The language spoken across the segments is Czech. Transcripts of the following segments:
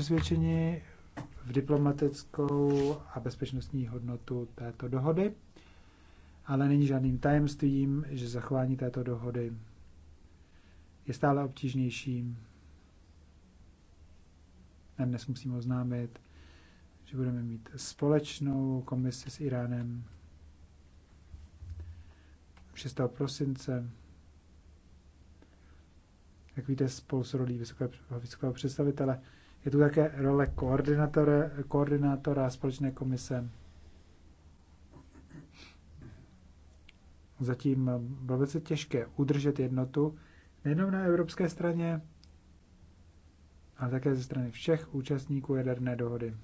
přesvědčeni v diplomatickou a bezpečnostní hodnotu této dohody, ale není žádným tajemstvím, že zachování této dohody je stále obtížnějším. dnes musím oznámit, že budeme mít společnou komisi s Iránem 6. prosince. Jak víte, spolu s rolí vysokého, vysokého představitele je tu také role koordinátora, koordinátora společné komise. Zatím bylo velice těžké udržet jednotu nejenom na evropské straně, ale také ze strany všech účastníků jaderné dohody,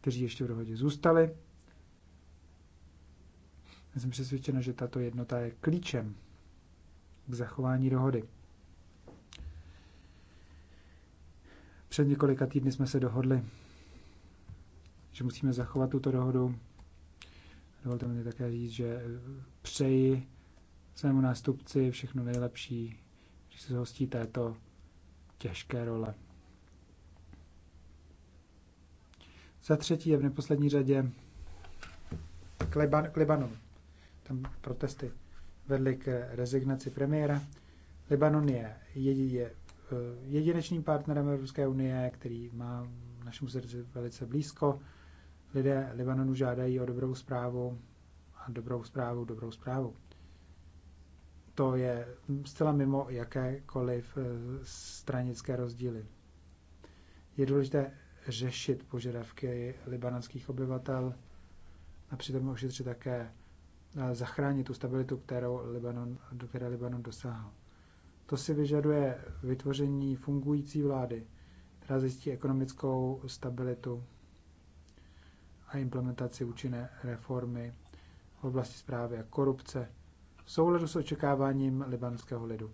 kteří ještě v dohodě zůstali. Já jsem přesvědčena, že tato jednota je klíčem k zachování dohody. Před několika týdny jsme se dohodli, že musíme zachovat tuto dohodu. Dovolte mi také říct, že přeji svému nástupci všechno nejlepší, když se hostí této těžké role. Za třetí a v neposlední řadě k, Liban, k Libanonu. Tam protesty vedly k rezignaci premiéra. Libanon je, je, je Eh, jedinečným partnerem Evropské unie, který má našemu srdci velice blízko. Lidé Libanonu žádají o dobrou zprávu a dobrou zprávu, dobrou zprávu. To je zcela mimo jakékoliv eh, stranické rozdíly. Je důležité řešit požadavky libanonských obyvatel a přitom ošetřit také eh, zachránit tu stabilitu, kterou Libanon, do které Libanon dosáhl. To si vyžaduje vytvoření fungující vlády, která zjistí ekonomickou stabilitu a implementaci účinné reformy v oblasti zprávy a korupce v souladu s očekáváním libanského lidu.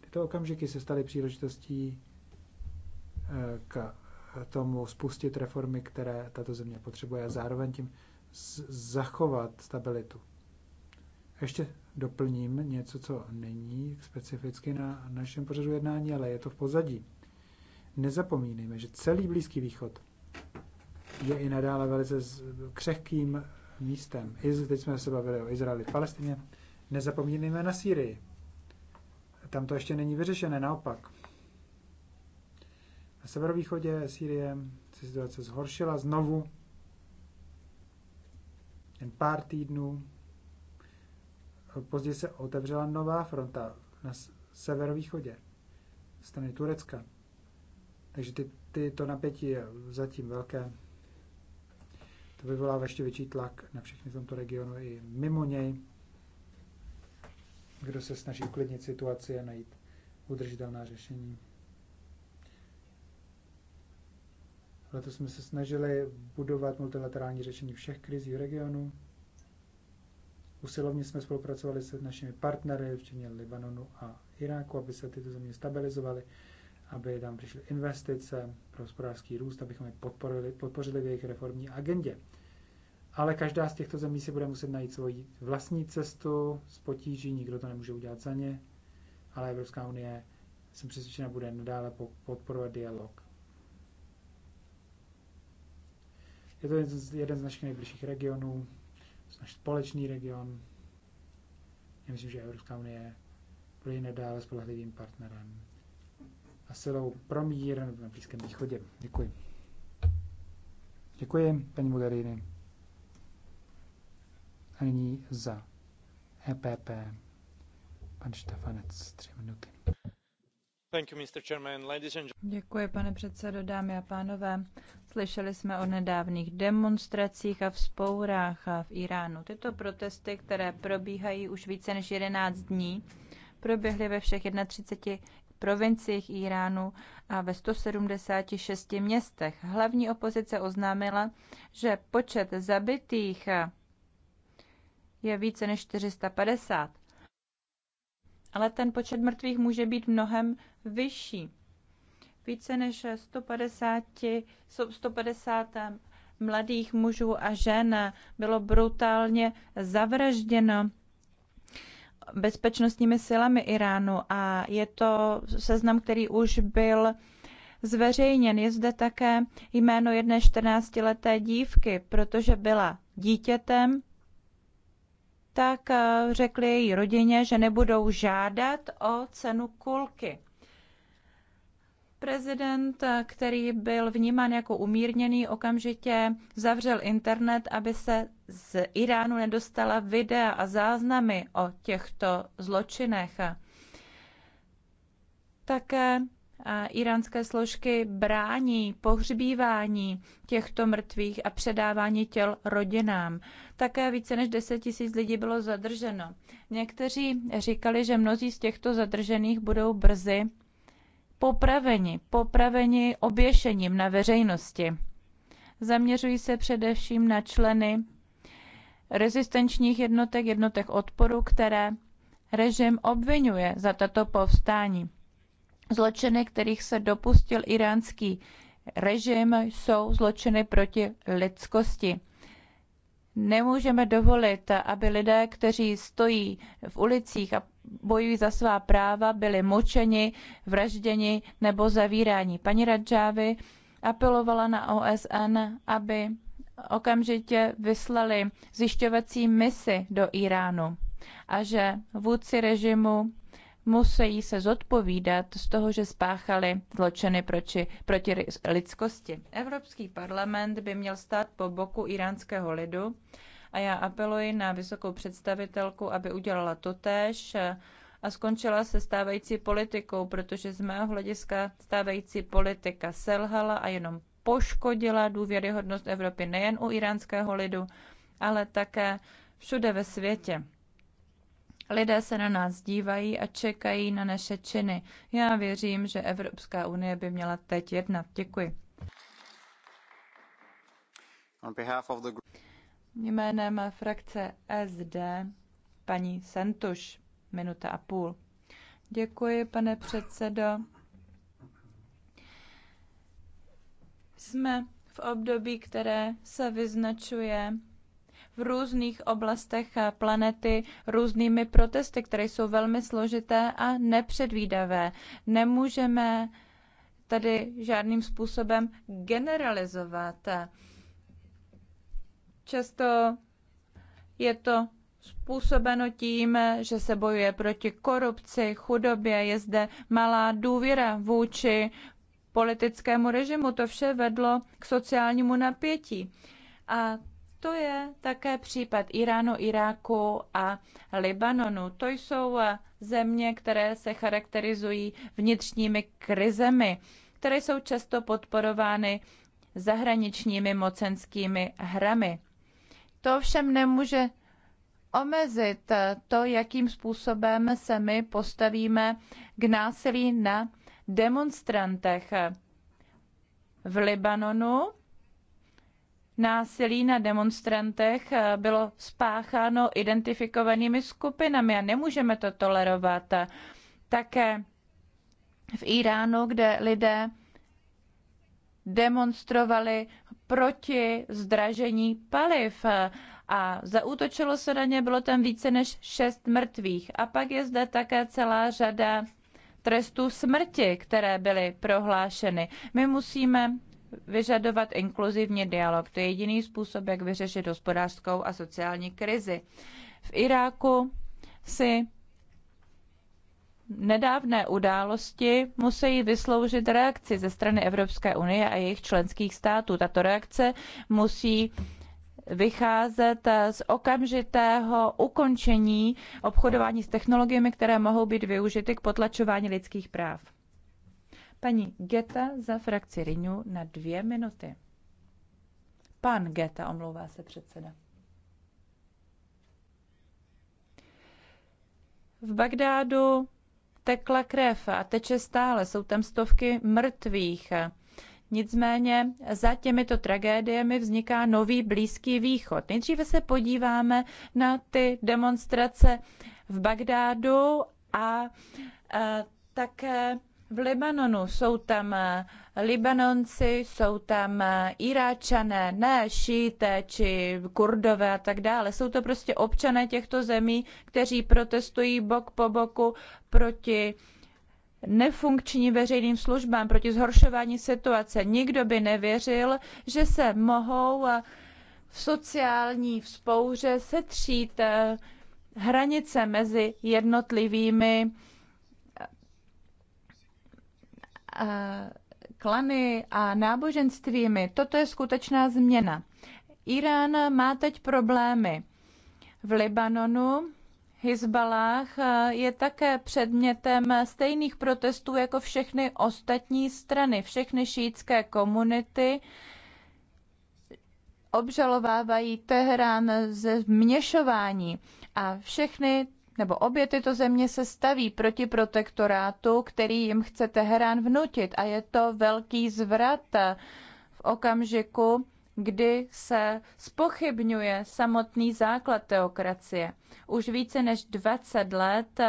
Tyto okamžiky se staly příležitostí eh, k tomu spustit reformy, které tato země potřebuje a zároveň tím zachovat stabilitu. Ještě doplním něco, co není specificky na našem pořadu jednání, ale je to v pozadí. Nezapomínejme, že celý Blízký východ je i nadále velice křehkým místem. Teď jsme se bavili o Izraeli v Palestině. Nezapomínejme na Sýrii. Tam to ještě není vyřešené, naopak. Na severovýchodě Sýrie se situace zhoršila znovu. Jen pár týdnů Později se otevřela nová fronta na severovýchodě, strany Turecka. Takže ty, ty, to napětí je zatím velké. To vyvolává ještě větší tlak na všechny v tomto regionu i mimo něj, kdo se snaží uklidnit situaci a najít udržitelná řešení. Letos jsme se snažili budovat multilaterální řešení všech krizí v regionu. Usilovně jsme spolupracovali se našimi partnery, včetně Libanonu a Iráku, aby se tyto země stabilizovaly, aby tam přišly investice pro hospodářský růst, abychom je podporili, podpořili v jejich reformní agendě. Ale každá z těchto zemí si bude muset najít svoji vlastní cestu s potíží, nikdo to nemůže udělat za ně, ale Evropská unie, jsem přesvědčena, bude nadále podporovat dialog. Je to jeden z našich nejbližších regionů, náš společný region. Já myslím, že Evropská unie bude i nadále spolehlivým partnerem a silou pro mír na Blízkém východě. Děkuji. Děkuji, paní Mogherini. A nyní za EPP pan Štefanec, tři minuty. Děkuji, pane předsedo, dámy a pánové. Slyšeli jsme o nedávných demonstracích a vzpourách v Iránu. Tyto protesty, které probíhají už více než 11 dní, proběhly ve všech 31 provinciích Iránu a ve 176 městech. Hlavní opozice oznámila, že počet zabitých je více než 450 ale ten počet mrtvých může být mnohem vyšší. Více než 150, 150 eh, mladých mužů a žen eh, bylo brutálně zavražděno bezpečnostními silami Iránu a je to seznam, který už byl zveřejněn. Je zde také jméno jedné 14-leté dívky, protože byla dítětem tak eh, řekli její rodině, že nebudou žádat o cenu kulky. Prezident, eh, který byl vnímán jako umírněný, okamžitě zavřel internet, aby se z Iránu nedostala videa a záznamy o těchto zločinech. Také iránské složky brání pohřbívání těchto mrtvých a předávání těl rodinám. Také více než 10 tisíc lidí bylo zadrženo. Někteří říkali, že mnozí z těchto zadržených budou brzy popraveni, popraveni oběšením na veřejnosti. Zaměřují se především na členy rezistenčních jednotek, jednotek odporu, které režim obvinuje za tato povstání. Zločiny, kterých se dopustil iránský režim, jsou zločiny proti lidskosti. Nemůžeme dovolit, aby lidé, kteří stojí v ulicích a bojují za svá práva, byli mučeni, vražděni nebo zavíráni. Paní Radžávy apelovala na OSN, aby okamžitě vyslali zjišťovací misi do Iránu a že vůdci režimu musí se zodpovídat z toho, že spáchali zločiny proti, proti lidskosti. Evropský parlament by měl stát po boku iránského lidu a já apeluji na vysokou představitelku, aby udělala totéž a skončila se stávající politikou, protože z mého hlediska stávající politika selhala a jenom poškodila důvěryhodnost Evropy nejen u iránského lidu, ale také všude ve světě. Lidé se na nás dívají a čekají na naše činy. Já věřím, že Evropská unie by měla teď jednat. Děkuji. On behalf of the... Jménem frakce SD paní Sentuš, minuta a půl. Děkuji, pane předsedo. Jsme v období, které se vyznačuje v různých oblastech planety různými protesty, které jsou velmi složité a nepředvídavé. Nemůžeme tady žádným způsobem generalizovat. Často je to způsobeno tím, že se bojuje proti korupci, chudobě, je zde malá důvěra vůči politickému režimu. To vše vedlo k sociálnímu napětí. A to je také případ Iránu, Iráku a Libanonu. To jsou eh, země, které se charakterizují vnitřními krizemi, které jsou často podporovány zahraničními mocenskými hrami. To ovšem nemůže omezit eh, to, jakým způsobem se my postavíme k násilí na demonstrantech. V Libanonu násilí na demonstrantech eh, bylo spácháno identifikovanými skupinami a nemůžeme to tolerovat. Také v Iránu, kde lidé demonstrovali proti zdražení paliv eh, a zaútočilo se na ně, bylo tam více než šest mrtvých. A pak je zde také celá řada trestů smrti, které byly prohlášeny. My musíme vyžadovat inkluzivní dialog. To je jediný způsob, jak vyřešit hospodářskou a sociální krizi. V Iráku si nedávné události musí vysloužit reakci ze strany Evropské unie a jejich členských států. Tato reakce musí vycházet z okamžitého ukončení obchodování s technologiemi, které mohou být využity k potlačování lidských práv. Paní Geta za frakci Rinu na dvě minuty. Pan Geta, omlouvá se předseda. V Bagdádu tekla krev a teče stále. Jsou tam stovky mrtvých. Nicméně za těmito tragédiemi vzniká nový Blízký východ. Nejdříve se podíváme na ty demonstrace v Bagdádu a, a eh, také v Libanonu. Jsou tam eh, Libanonci, jsou tam eh, Iráčané, ne šíté či kurdové a tak dále. Jsou to prostě občané těchto zemí, kteří protestují bok po boku proti nefunkční veřejným službám, proti zhoršování situace. Nikdo by nevěřil, že se mohou eh, v sociální vzpouře setřít hranice mezi jednotlivými Eh, klany a náboženstvími. Toto je skutečná změna. Irán má teď problémy. V Libanonu Hizbalách eh, je také předmětem stejných protestů jako všechny ostatní strany. Všechny šítské komunity obžalovávají Teherán ze vměšování a všechny nebo obě tyto země se staví proti protektorátu, který jim chce Teherán vnutit. A je to velký zvrat v okamžiku, kdy se spochybňuje samotný základ teokracie. Už více než 20 let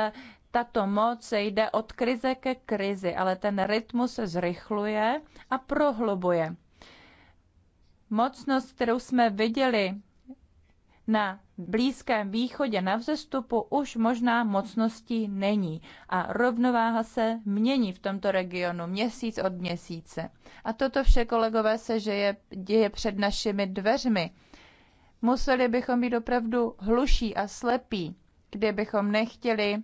tato moc jde od krize ke krizi, ale ten rytmus se zrychluje a prohlubuje. Mocnost, kterou jsme viděli na Blízkém východě na vzestupu už možná mocností není a rovnováha se mění v tomto regionu měsíc od měsíce. A toto vše, kolegové, se žije, děje před našimi dveřmi. Museli bychom být opravdu hluší a slepí, kdybychom nechtěli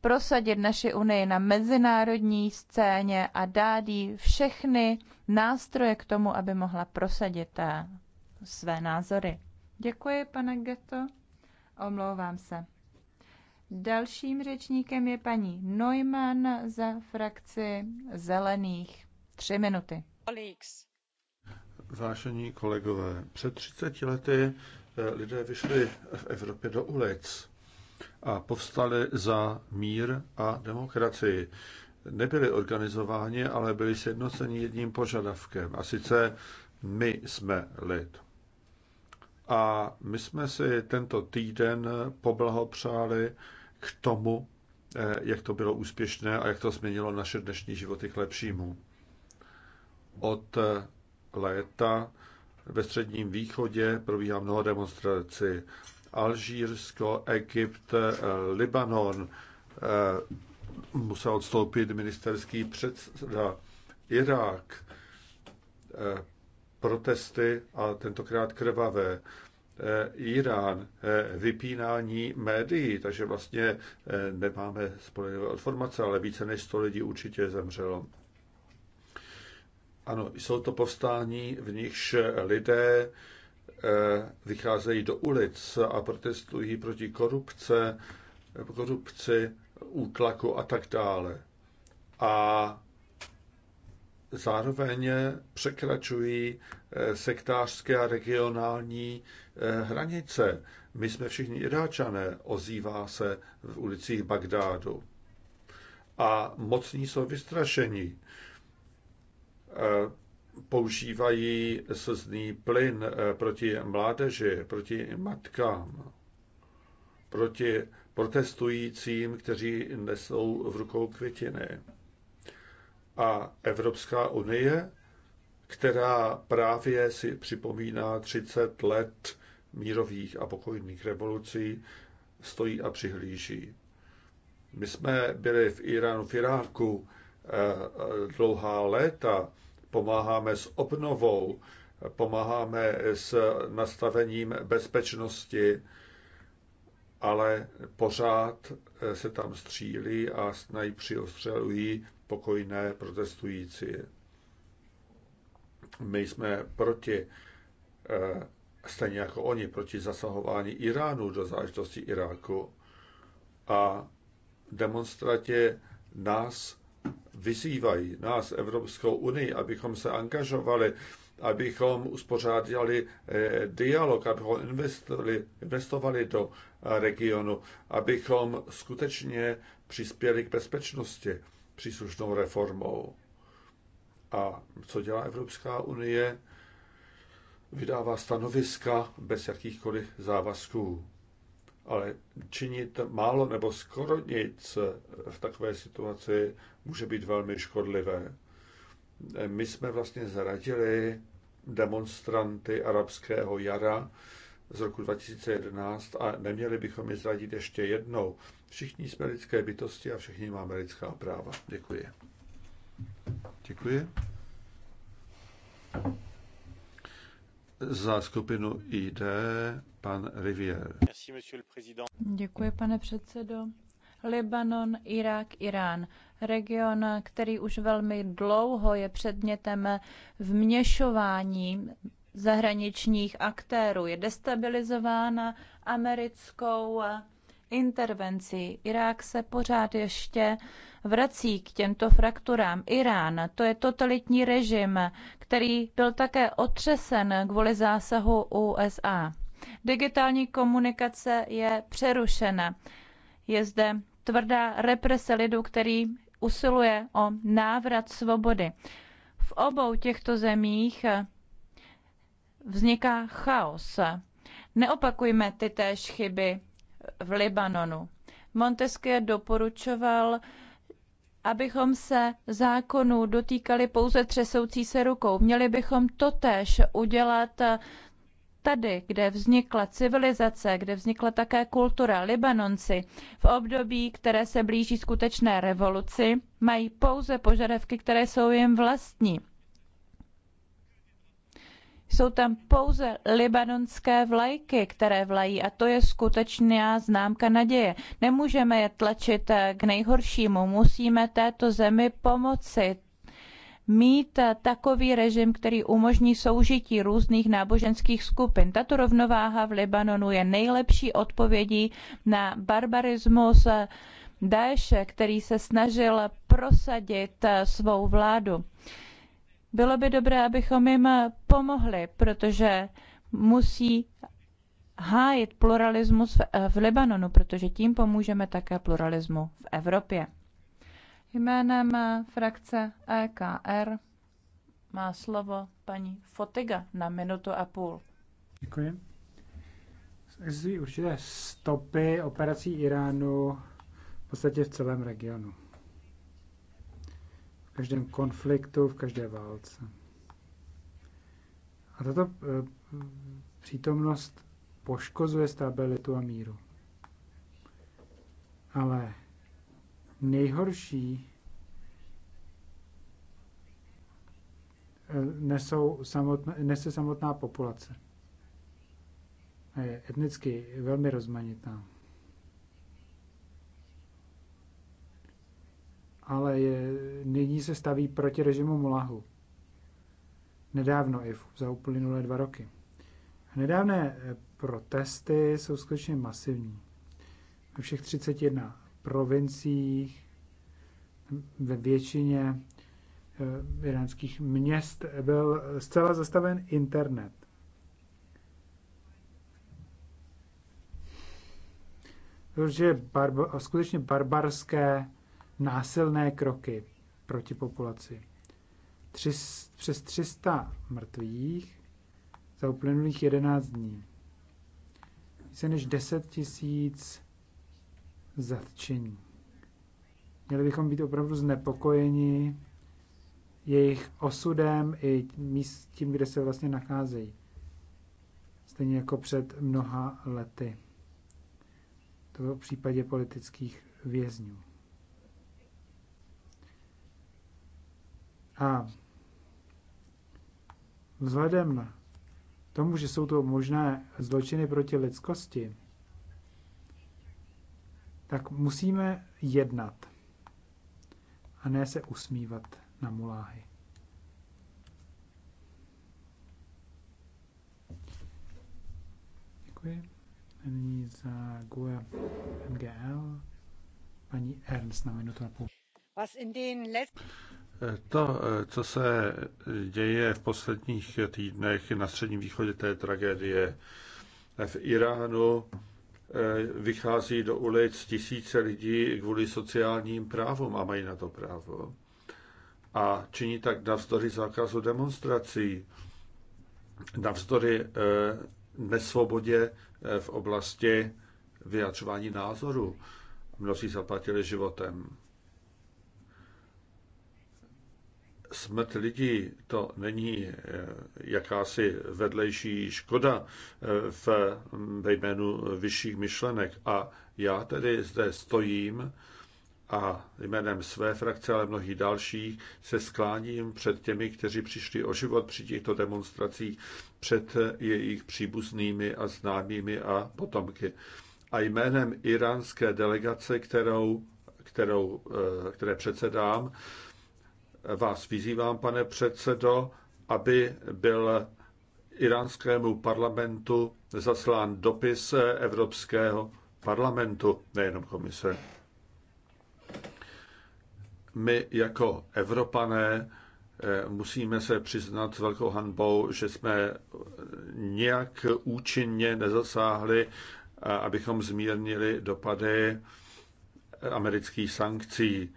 prosadit naši unii na mezinárodní scéně a dát jí všechny nástroje k tomu, aby mohla prosadit eh, své názory. Děkuji, pane Geto. Omlouvám se. Dalším řečníkem je paní Neumann za frakci Zelených. Tři minuty. Vážení kolegové, před 30 lety eh, lidé vyšli v Evropě do ulic a povstali za mír a demokracii. Nebyli organizováni, ale byli sjednoceni jedním požadavkem. A sice my jsme lid. A my jsme si tento týden poblahopřáli k tomu, eh, jak to bylo úspěšné a jak to změnilo naše dnešní životy k lepšímu. Od eh, léta ve středním východě probíhá mnoho demonstrací. Alžírsko, Egypt, eh, Libanon musel odstoupit ministerský předseda, Irák, protesty a tentokrát krvavé. E, Irán, e, vypínání médií, takže vlastně e, nemáme spolehlivé informace, ale více než 100 lidí určitě zemřelo. Ano, jsou to povstání, v nichž lidé vycházejí do ulic a protestují proti korupce, korupci, útlaku a tak dále. A zároveň překračují eh, sektářské a regionální eh, hranice. My jsme všichni Iráčané, ozývá se v ulicích Bagdádu. A mocní jsou vystrašení. Eh, používají slzný plyn proti mládeži, proti matkám, proti protestujícím, kteří nesou v rukou květiny a Evropská unie, která právě si připomíná 30 let mírových a pokojných revolucí, stojí a přihlíží. My jsme byli v Iránu, v Iráku eh, dlouhá léta, pomáháme s obnovou, pomáháme s nastavením bezpečnosti, ale pořád eh, se tam střílí a snají přiostřelují pokojné protestující. My jsme proti, eh, stejně jako oni, proti zasahování Iránu do záležitosti Iráku a demonstratě nás vyzývají, nás Evropskou unii, abychom se angažovali, abychom uspořádali eh, dialog, abychom investovali, investovali do regionu, abychom skutečně přispěli k bezpečnosti příslušnou reformou. A co dělá Evropská unie? Vydává stanoviska bez jakýchkoliv závazků. Ale činit málo nebo skoro nic v takové situaci může být velmi škodlivé. My jsme vlastně zradili demonstranty arabského jara, z roku 2011 a neměli bychom je zradit ještě jednou. Všichni jsme lidské bytosti a všichni máme lidská práva. Děkuji. Děkuji. Za skupinu ID pan Rivière. Děkuji, pane předsedo. Libanon, Irák, Irán. Region, který už velmi dlouho je předmětem vměšování zahraničních aktérů. Je destabilizována americkou intervencí. Irák se pořád ještě vrací k těmto frakturám. Irán, to je totalitní režim, který byl také otřesen kvůli zásahu USA. Digitální komunikace je přerušena. Je zde tvrdá represe lidu, který usiluje o návrat svobody. V obou těchto zemích vzniká chaos. Neopakujme ty též chyby v Libanonu. Montesquieu doporučoval, abychom se zákonů dotýkali pouze třesoucí se rukou. Měli bychom to též udělat tady, kde vznikla civilizace, kde vznikla také kultura, Libanonci v období, které se blíží skutečné revoluci, mají pouze požadavky, které jsou jim vlastní. Jsou tam pouze libanonské vlajky, které vlají a to je skutečná známka naděje. Nemůžeme je tlačit eh, k nejhoršímu, musíme této zemi pomoci mít eh, takový režim, který umožní soužití různých náboženských skupin. Tato rovnováha v Libanonu je nejlepší odpovědí na barbarismus eh, Daeše, který se snažil prosadit svou vládu. Bylo by dobré, abychom jim pomohli, protože musí hájit pluralismus v Libanonu, protože tím pomůžeme také pluralismu v Evropě. Jménem frakce EKR má slovo paní Fotiga na minutu a půl. Děkuji. Existují určité stopy operací Iránu v podstatě v celém regionu každém konfliktu, v každé válce. A tato eh, přítomnost poškozuje stabilitu a míru. Ale nejhorší eh, nesou samotná, nese samotná populace. Je etnicky velmi rozmanitá. ale je, nyní se staví proti režimu Mulahu. Nedávno i za uplynulé dva roky. Nedávné eh, protesty jsou skutečně masivní. Ve všech 31 provinciích, ve většině eh, iránských měst byl eh, zcela zastaven internet. Protože barba, skutečně barbarské násilné kroky proti populaci. Tři, přes 300 mrtvých za uplynulých 11 dní. Více než 10 tisíc zatčení. Měli bychom být opravdu znepokojeni jejich osudem i místem, kde se vlastně nacházejí. Stejně jako před mnoha lety. To bylo v případě politických vězňů. A vzhledem na tomu, že jsou to možné zločiny proti lidskosti, tak musíme jednat a ne se usmívat na muláhy. Děkuji. Nyní za GUE MGL paní Ernst na minutu a půl to, co se děje v posledních týdnech na Středním východě, té tragédie v Iránu, eh, vychází do ulic tisíce lidí kvůli sociálním právům a mají na to právo. A činí tak navzdory zákazu demonstrací, navzdory eh, nesvobodě eh, v oblasti vyjadřování názoru. Mnozí zaplatili životem. smrt lidí to není eh, jakási vedlejší škoda eh, v, mm, ve jménu vyšších myšlenek. A já tedy zde stojím a jménem své frakce, ale mnohých dalších, se skláním před těmi, kteří přišli o život při těchto demonstracích, před jejich příbuznými a známými a potomky. A jménem iránské delegace, kterou, kterou, eh, které předsedám, vás vyzývám, pane předsedo, aby byl iránskému parlamentu zaslán dopis Evropského parlamentu, nejenom komise. My jako Evropané eh, musíme se přiznat s velkou hanbou, že jsme nějak účinně nezasáhli, abychom zmírnili dopady amerických sankcí.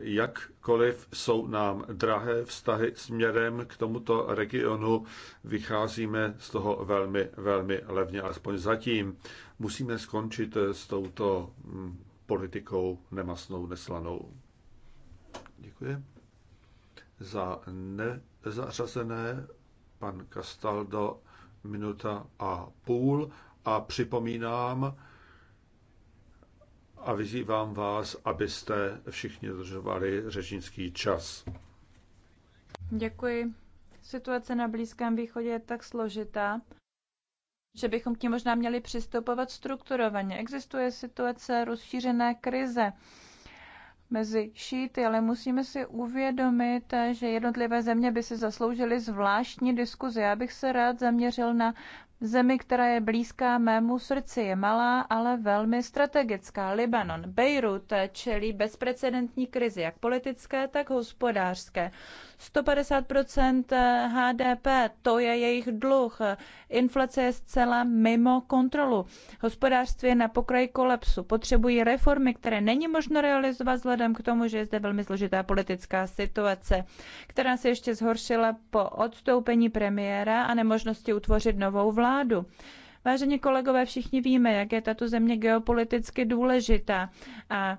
Jakkoliv jsou nám drahé vztahy směrem k tomuto regionu, vycházíme z toho velmi, velmi levně, alespoň zatím. Musíme skončit s touto mm, politikou nemasnou, neslanou. Děkuji. Za nezařazené pan Castaldo minuta a půl a připomínám, a vyzývám vás, abyste všichni dodržovali řečnický čas. Děkuji. Situace na Blízkém východě je tak složitá, že bychom k ní možná měli přistupovat strukturovaně. Existuje situace rozšířené krize mezi šíty, ale musíme si uvědomit, že jednotlivé země by si zasloužily zvláštní diskuzi. Já bych se rád zaměřil na zemi, která je blízká mému srdci. Je malá, ale velmi strategická. Libanon, Beirut čelí bezprecedentní krizi, jak politické, tak hospodářské. 150 HDP, to je jejich dluh. Inflace je zcela mimo kontrolu. Hospodářství je na pokraji kolapsu. Potřebují reformy, které není možno realizovat vzhledem k tomu, že je zde velmi složitá politická situace, která se ještě zhoršila po odstoupení premiéra a nemožnosti utvořit novou vládu. Vážení kolegové, všichni víme, jak je tato země geopoliticky důležitá a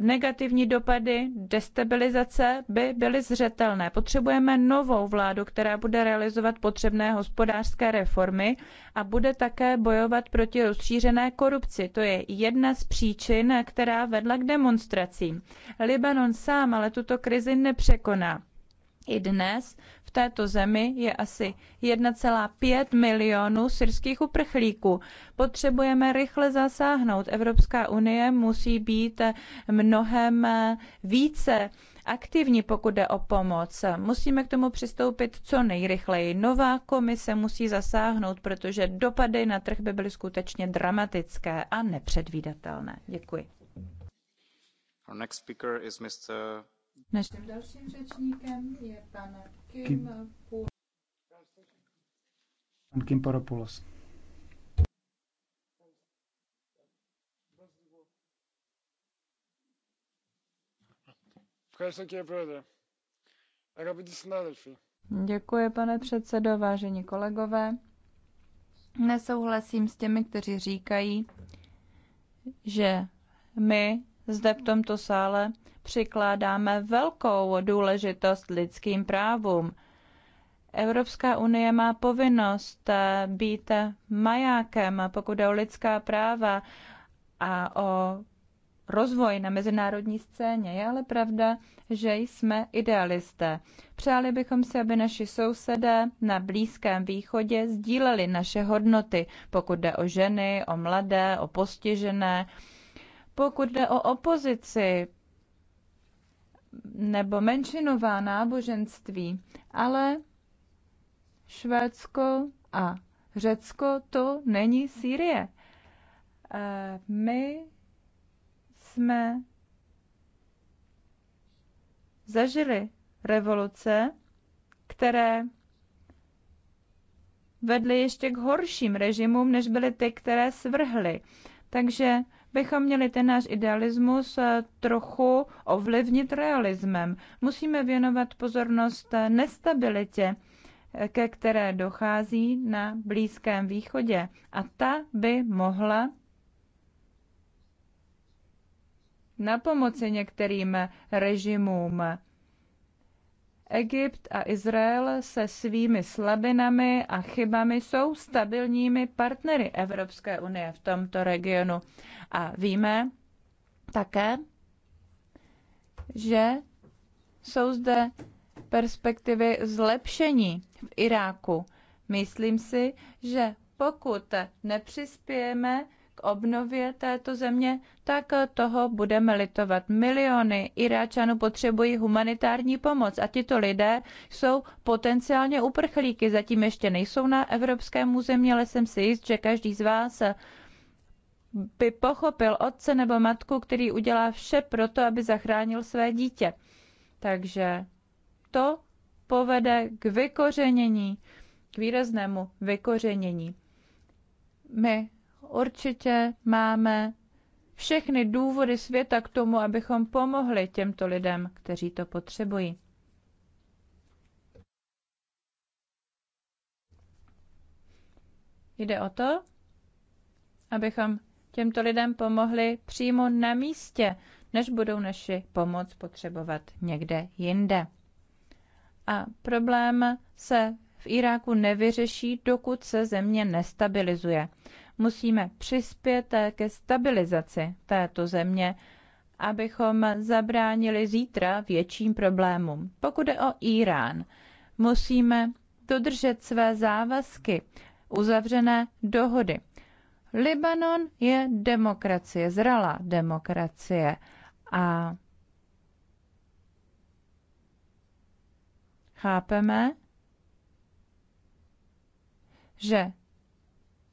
negativní dopady destabilizace by byly zřetelné. Potřebujeme novou vládu, která bude realizovat potřebné hospodářské reformy a bude také bojovat proti rozšířené korupci. To je jedna z příčin, která vedla k demonstracím. Libanon sám ale tuto krizi nepřekoná i dnes v této zemi je asi 1,5 milionů syrských uprchlíků. Potřebujeme rychle zasáhnout. Evropská unie musí být mnohem více aktivní, pokud jde o pomoc. Musíme k tomu přistoupit co nejrychleji. Nová komise musí zasáhnout, protože dopady na trh by byly skutečně dramatické a nepředvídatelné. Děkuji. Our next speaker is Mr. Než... dalším řečníkem je pan Kim, Kim. Pan Kim Poropoulos. Děkuji, pane předsedo, vážení kolegové. Nesouhlasím s těmi, kteří říkají, že my zde v tomto sále přikládáme velkou důležitost lidským právům. Evropská unie má povinnost eh, být majákem, pokud jde o lidská práva a o rozvoj na mezinárodní scéně. Je ale pravda, že jsme idealisté. Přáli bychom si, aby naši sousedé na Blízkém východě sdíleli naše hodnoty, pokud jde o ženy, o mladé, o postižené, pokud jde o opozici, nebo menšinová náboženství, ale Švédsko a Řecko to není Sýrie. E, my jsme zažili revoluce, které vedly ještě k horším režimům, než byly ty, které svrhly. Takže bychom měli ten náš idealismus eh, trochu ovlivnit realismem. Musíme věnovat pozornost eh, nestabilitě, eh, ke které dochází na Blízkém východě. A ta by mohla na pomoci některým režimům Egypt a Izrael se svými slabinami a chybami jsou stabilními partnery Evropské unie v tomto regionu. A víme také, že jsou zde perspektivy zlepšení v Iráku. Myslím si, že pokud nepřispějeme k obnově této země, tak toho budeme litovat. Miliony Iráčanů potřebují humanitární pomoc a tito lidé jsou potenciálně uprchlíky. Zatím ještě nejsou na evropském území, ale jsem si jist, že každý z vás by pochopil otce nebo matku, který udělá vše pro to, aby zachránil své dítě. Takže to povede k vykořenění, k výraznému vykořenění. My určitě máme všechny důvody světa k tomu, abychom pomohli těmto lidem, kteří to potřebují. Jde o to, abychom těmto lidem pomohli přímo na místě, než budou naši pomoc potřebovat někde jinde. A problém se v Iráku nevyřeší, dokud se země nestabilizuje. Musíme přispět ke stabilizaci této země, abychom zabránili zítra větším problémům. Pokud jde o Irán, musíme dodržet své závazky, uzavřené dohody. Libanon je demokracie, zralá demokracie a chápeme, že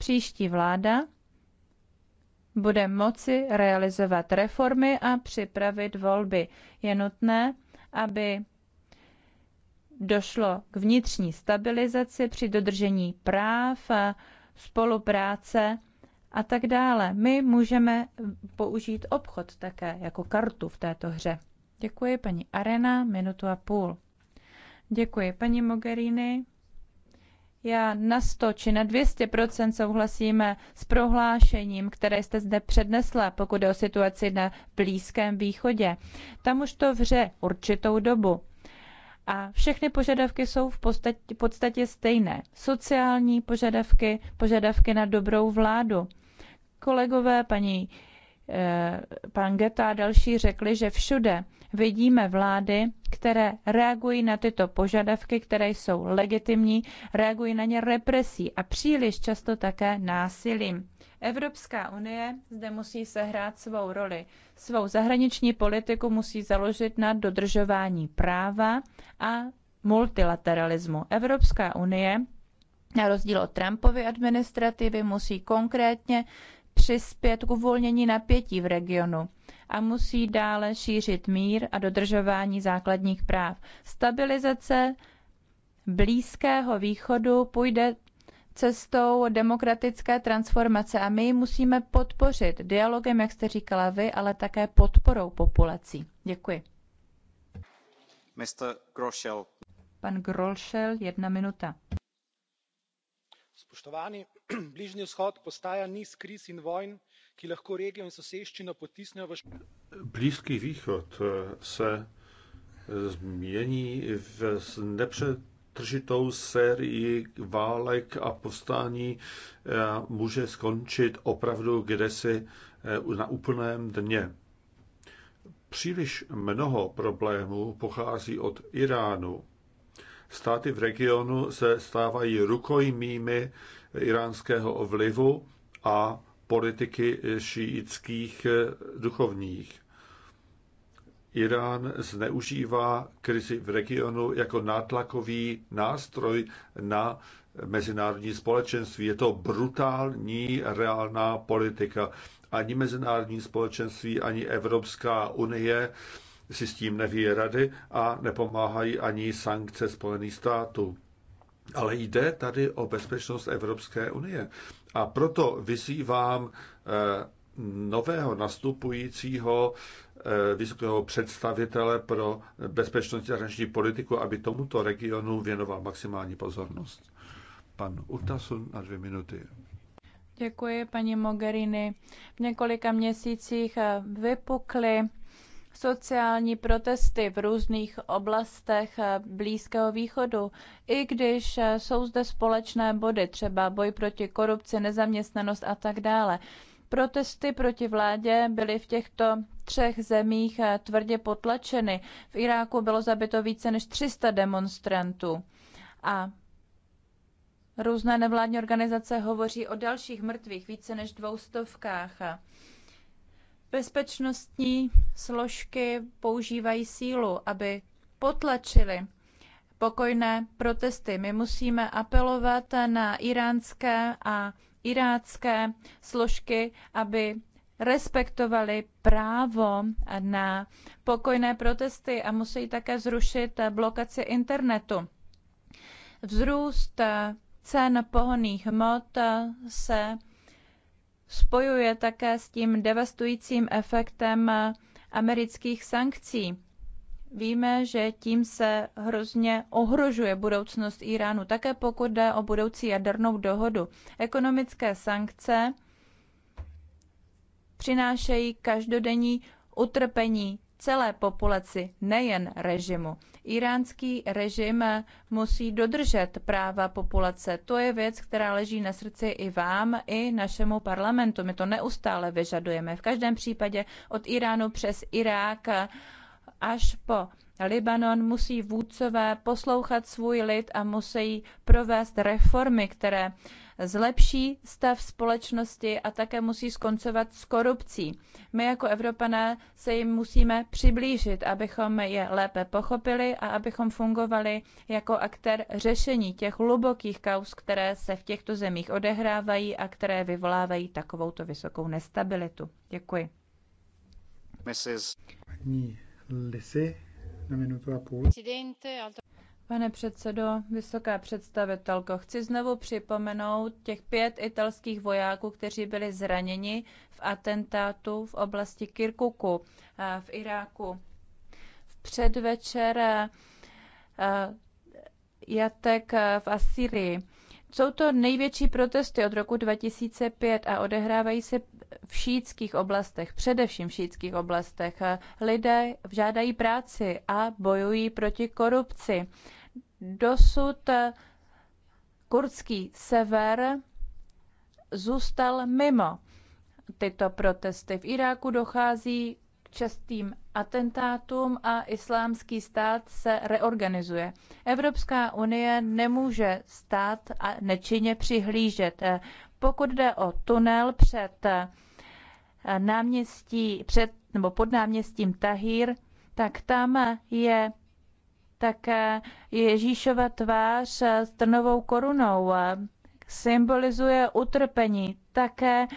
příští vláda bude moci realizovat reformy a připravit volby. Je nutné, aby došlo k vnitřní stabilizaci při dodržení práv, a spolupráce a tak dále. My můžeme použít obchod také jako kartu v této hře. Děkuji paní Arena, minutu a půl. Děkuji paní Mogherini já na 100 či na 200 souhlasím s prohlášením, které jste zde přednesla, pokud je o situaci na Blízkém východě. Tam už to vře určitou dobu. A všechny požadavky jsou v podstatě, podstatě stejné. Sociální požadavky, požadavky na dobrou vládu. Kolegové, paní eh, pan Geta a další řekli, že všude vidíme vlády, které reagují na tyto požadavky, které jsou legitimní, reagují na ně represí a příliš často také násilím. Evropská unie zde musí sehrát svou roli. Svou zahraniční politiku musí založit na dodržování práva a multilateralismu. Evropská unie na rozdíl od Trumpovy administrativy musí konkrétně přispět k uvolnění napětí v regionu a musí dále šířit mír a dodržování základních práv. Stabilizace Blízkého východu půjde cestou demokratické transformace a my ji musíme podpořit dialogem, jak jste říkala vy, ale také podporou populací. Děkuji. Mr. Groschel. Pan Grolšel, jedna minuta spoštovani bližnji vzhod postaja niz kriz in vojn ki lahko regijo in soseščino potisnejo v. blízký východ eh, se eh, změní v nepřetržitou sérii válek a povstání eh, může skončit opravdu si na úplném dně. Příliš mnoho problémů pochází od Iránu Státy v regionu se stávají rukojmími iránského ovlivu a politiky šíitských duchovních. Irán zneužívá krizi v regionu jako nátlakový nástroj na mezinárodní společenství. Je to brutální reálná politika. Ani mezinárodní společenství, ani Evropská unie si s tím neví rady a nepomáhají ani sankce Spojených států. Ale jde tady o bezpečnost Evropské unie. A proto vyzývám eh, nového nastupujícího eh, vysokého představitele pro bezpečnost a zahraniční politiku, aby tomuto regionu věnoval maximální pozornost. Pan Utasun na dvě minuty. Děkuji, paní Mogherini. V několika měsících eh, vypukly sociální protesty v různých oblastech eh, Blízkého východu, i když eh, jsou zde společné body, třeba boj proti korupci, nezaměstnanost a tak dále. Protesty proti vládě byly v těchto třech zemích eh, tvrdě potlačeny. V Iráku bylo zabito více než 300 demonstrantů. A různé nevládní organizace hovoří o dalších mrtvých, více než dvoustovkách. Bezpečnostní složky používají sílu, aby potlačili pokojné protesty. My musíme apelovat na iránské a irácké složky, aby respektovali právo na pokojné protesty a musí také zrušit blokaci internetu. Vzrůst cen pohonných hmot se spojuje také s tím devastujícím efektem amerických sankcí. Víme, že tím se hrozně ohrožuje budoucnost Iránu, také pokud jde o budoucí jadernou dohodu. Ekonomické sankce přinášejí každodenní utrpení celé populaci, nejen režimu. Iránský režim musí dodržet práva populace. To je věc, která leží na srdci i vám, i našemu parlamentu. My to neustále vyžadujeme. V každém případě od Iránu přes Irák až po Libanon musí vůdcové poslouchat svůj lid a musí provést reformy, které zlepší stav společnosti a také musí skoncovat s korupcí. My jako Evropané se jim musíme přiblížit, abychom je lépe pochopili a abychom fungovali jako aktér řešení těch hlubokých kaus, které se v těchto zemích odehrávají a které vyvolávají takovouto vysokou nestabilitu. Děkuji. Mrs. Paní Lisi na minutu a půl. Pane předsedo, vysoká představitelko, chci znovu připomenout těch pět italských vojáků, kteří byli zraněni v atentátu v oblasti Kirkuku eh, v Iráku. V předvečer eh, eh, jatek v Asýrii. Jsou to největší protesty od roku 2005 a odehrávají se v šítských oblastech, především v šítských oblastech, lidé žádají práci a bojují proti korupci. Dosud kurdský sever zůstal mimo tyto protesty. V Iráku dochází k častým atentátům a islámský stát se reorganizuje. Evropská unie nemůže stát a nečinně přihlížet. Pokud jde o tunel před náměstí před, nebo pod náměstím Tahir, tak tam je také Ježíšova tvář s trnovou korunou. Symbolizuje utrpení také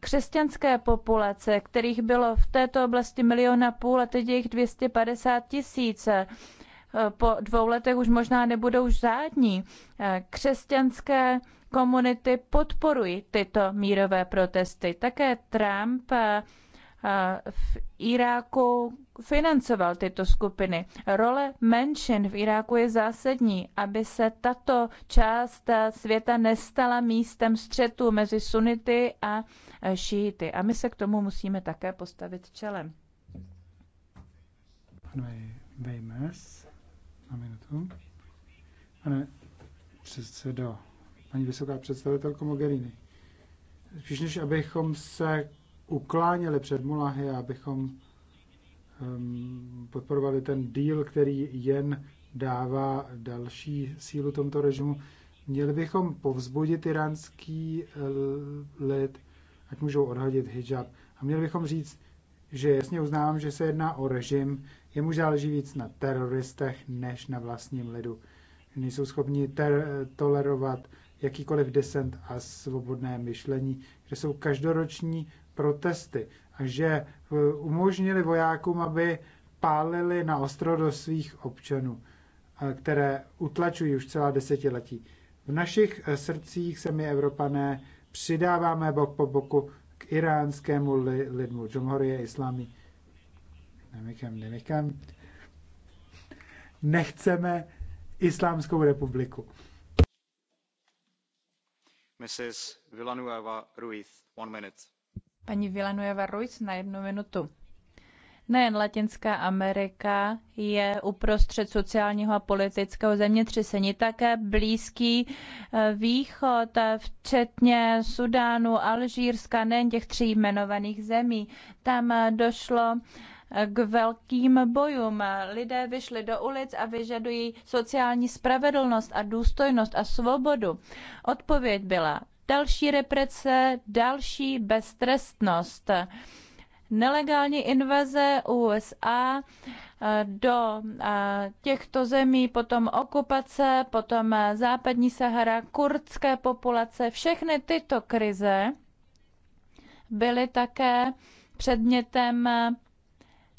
křesťanské populace, kterých bylo v této oblasti miliona půl a teď je jich 250 tisíc po dvou letech už možná nebudou žádní. Křesťanské komunity podporují tyto mírové protesty. Také Trump eh, eh, v Iráku financoval tyto skupiny. Role menšin v Iráku je zásadní, aby se tato část eh, světa nestala místem střetu mezi sunity a šíity. A my se k tomu musíme také postavit čelem. Pane Weimers, na minutu. Pane předsedo, paní vysoká představitelko Mogherini. Spíš než abychom se ukláněli před Mulahy, abychom um, podporovali ten díl, který jen dává další sílu tomto režimu, měli bychom povzbudit iránský eh, lid, ať můžou odhodit hijab. A měli bychom říct, že jasně uznávám, že se jedná o režim, jemu záleží víc na teroristech než na vlastním lidu. Nejsou schopni ter- tolerovat jakýkoliv disent a svobodné myšlení, že jsou každoroční protesty a že eh, umožnili vojákům, aby pálili na ostro do svých občanů, eh, které utlačují už celá desetiletí. V našich eh, srdcích se my, Evropané, přidáváme bok po boku k iránskému li, lidmu. je islámí. Nemykám, nemykám. Nechceme islámskou republiku. Ruiz, Paní Villanueva Ruiz na jednu minutu. Nejen Latinská Amerika je uprostřed sociálního a politického zemětřesení, také Blízký eh, východ, eh, včetně Súdánu, Alžírska, nejen těch tří jmenovaných zemí. Tam eh, došlo k velkým bojům. Lidé vyšli do ulic a vyžadují sociální spravedlnost a důstojnost a svobodu. Odpověď byla další represe, další beztrestnost nelegální invaze USA eh, do eh, těchto zemí, potom okupace, potom eh, západní Sahara, kurdské populace, všechny tyto krize byly také předmětem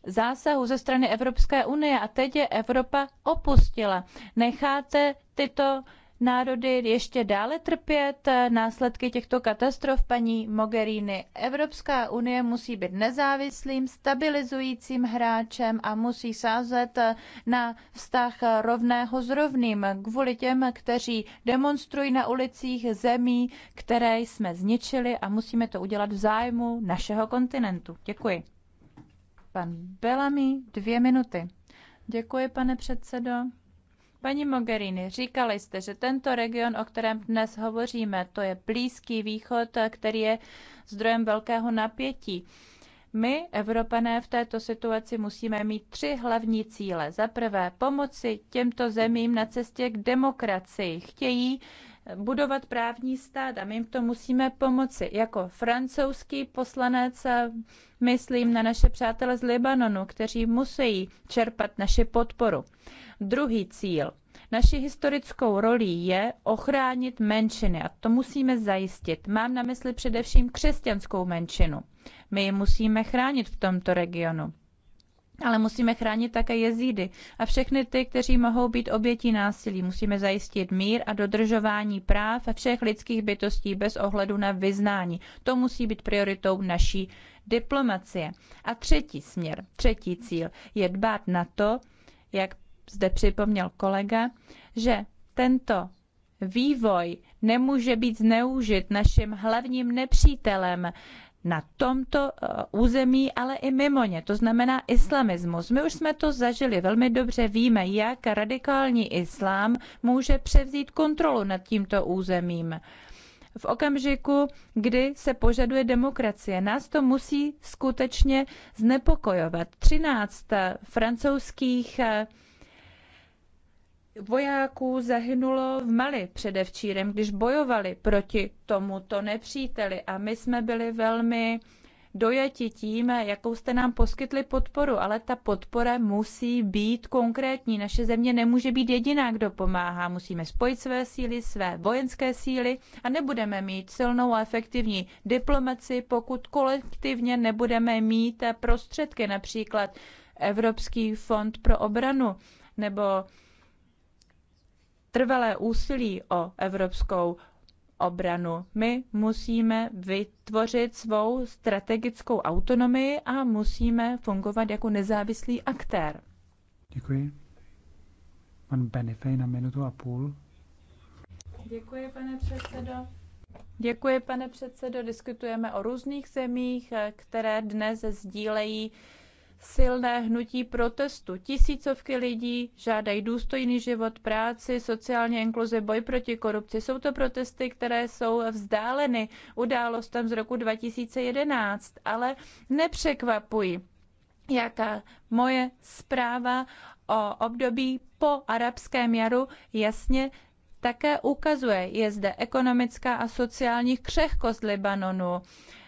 zásahu ze strany Evropské unie a teď je Evropa opustila. Necháte tyto národy ještě dále trpět následky těchto katastrof, paní Mogherini. Evropská unie musí být nezávislým, stabilizujícím hráčem a musí sázet na vztah rovného s rovným kvůli těm, kteří demonstrují na ulicích zemí, které jsme zničili a musíme to udělat v zájmu našeho kontinentu. Děkuji. Pan Bellamy, dvě minuty. Děkuji, pane předsedo. Paní Mogherini, říkali jste, že tento region, o kterém dnes hovoříme, to je Blízký východ, který je zdrojem velkého napětí. My, Evropané, v této situaci musíme mít tři hlavní cíle. Za prvé, pomoci těmto zemím na cestě k demokracii. Chtějí budovat právní stát a my jim to musíme pomoci. Jako francouzský poslanec eh, myslím na naše přátele z Libanonu, kteří musí čerpat naši podporu. Druhý cíl. Naší historickou rolí je ochránit menšiny a to musíme zajistit. Mám na mysli především křesťanskou menšinu. My ji musíme chránit v tomto regionu ale musíme chránit také jezídy a všechny ty, kteří mohou být obětí násilí. Musíme zajistit mír a dodržování práv všech lidských bytostí bez ohledu na vyznání. To musí být prioritou naší diplomacie. A třetí směr, třetí cíl je dbát na to, jak zde připomněl kolega, že tento vývoj nemůže být zneužit naším hlavním nepřítelem, na tomto eh, území, ale i mimo ně, to znamená islamismus. My už jsme to zažili, velmi dobře víme, jak radikální islám může převzít kontrolu nad tímto územím. V okamžiku, kdy se požaduje demokracie, nás to musí skutečně znepokojovat. 13 eh, francouzských eh, vojáků zahynulo v Mali předevčírem, když bojovali proti tomuto nepříteli a my jsme byli velmi dojati tím, jakou jste nám poskytli podporu, ale ta podpora musí být konkrétní. Naše země nemůže být jediná, kdo pomáhá. Musíme spojit své síly, své vojenské síly a nebudeme mít silnou a efektivní diplomaci, pokud kolektivně nebudeme mít prostředky, například Evropský fond pro obranu nebo trvalé úsilí o evropskou obranu. My musíme vytvořit svou strategickou autonomii a musíme fungovat jako nezávislý aktér. Děkuji. Pan Benefej na minutu a půl. Děkuji, pane předsedo. Děkuji, pane předsedo. Diskutujeme o různých zemích, eh, které dnes sdílejí silné hnutí protestu. Tisícovky lidí žádají důstojný život, práci, sociální inkluzi, boj proti korupci. Jsou to protesty, které jsou vzdáleny událostem z roku 2011, ale nepřekvapují. Jaká moje zpráva o období po arabském jaru jasně také ukazuje, je zde ekonomická a sociální křehkost Libanonu.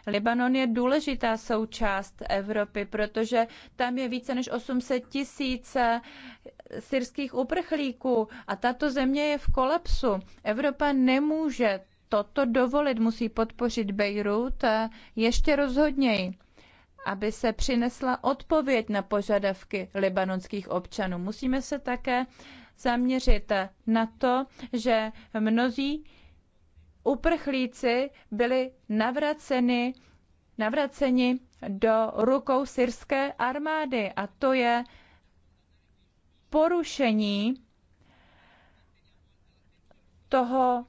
Libanon je důležitá součást Evropy, protože tam je více než 800 tisíc syrských uprchlíků a tato země je v kolapsu. Evropa nemůže toto dovolit, musí podpořit Bejrut ještě rozhodněji aby se přinesla odpověď na požadavky libanonských občanů. Musíme se také zaměřit na to, že mnozí uprchlíci byli navraceni, navraceni do rukou syrské armády a to je porušení toho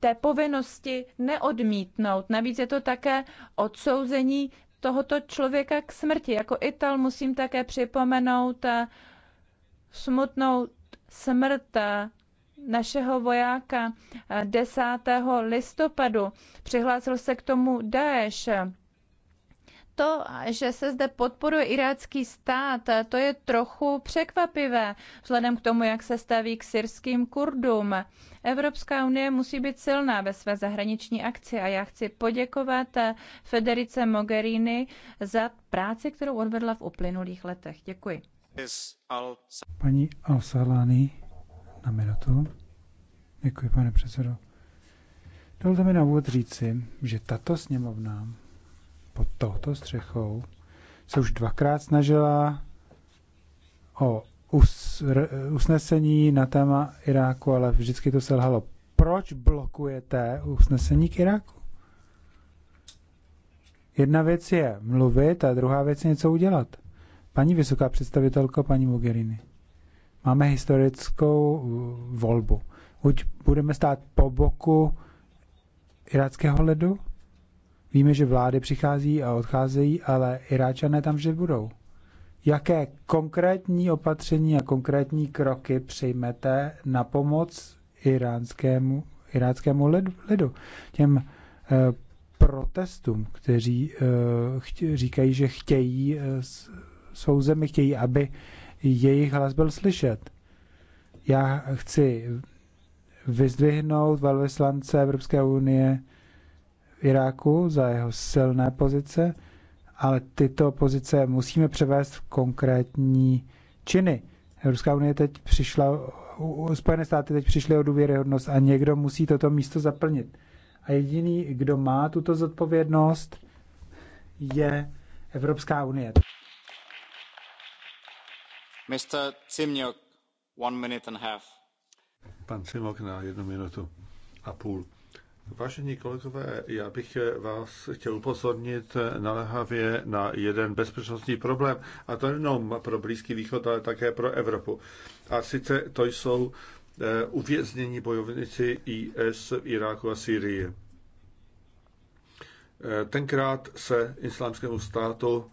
té povinnosti neodmítnout. Navíc je to také odsouzení tohoto člověka k smrti. Jako Ital musím také připomenout smutnou smrt našeho vojáka 10. Eh, listopadu. Přihlásil se k tomu Daesh. To, že se zde podporuje irácký stát, to je trochu překvapivé, vzhledem k tomu, jak se staví k syrským kurdům. Evropská unie musí být silná ve své zahraniční akci a já chci poděkovat eh, Federice Mogherini za práci, kterou odvedla v uplynulých letech. Děkuji. Paní Alsalani na minutu. Děkuji, pane předsedo. Dovolte mi na úvod říci, že tato sněmovna pod touto střechou se už dvakrát snažila o usnesení na téma Iráku, ale vždycky to selhalo. Proč blokujete usnesení k Iráku? Jedna věc je mluvit a druhá věc je něco udělat. Paní vysoká představitelko, paní Mogherini. Máme historickou uh, volbu. Buď budeme stát po boku iráckého ledu, víme, že vlády přichází a odcházejí, ale Iráčané tam vždy budou. Jaké konkrétní opatření a konkrétní kroky přijmete na pomoc iránskému, iráckému lidu, těm e, protestům, kteří e, chtě, říkají, že chtějí e, svou zemi, chtějí, aby jejich hlas byl slyšet. Já chci vyzdvihnout velvyslance Evropské unie v Iráku za jeho silné pozice, ale tyto pozice musíme převést v konkrétní činy. Evropská unie teď přišla, Spojené státy teď přišly o důvěryhodnost a někdo musí toto místo zaplnit. A jediný, kdo má tuto zodpovědnost, je Evropská unie. Pan Cimok na jednu minutu a půl. Vážení kolegové, já bych vás chtěl upozornit naléhavě na jeden bezpečnostní problém, a to nejenom pro Blízký východ, ale také pro Evropu. A sice to jsou eh, uvěznění bojovníci IS v Iráku a Sýrii. Eh, tenkrát se islámskému státu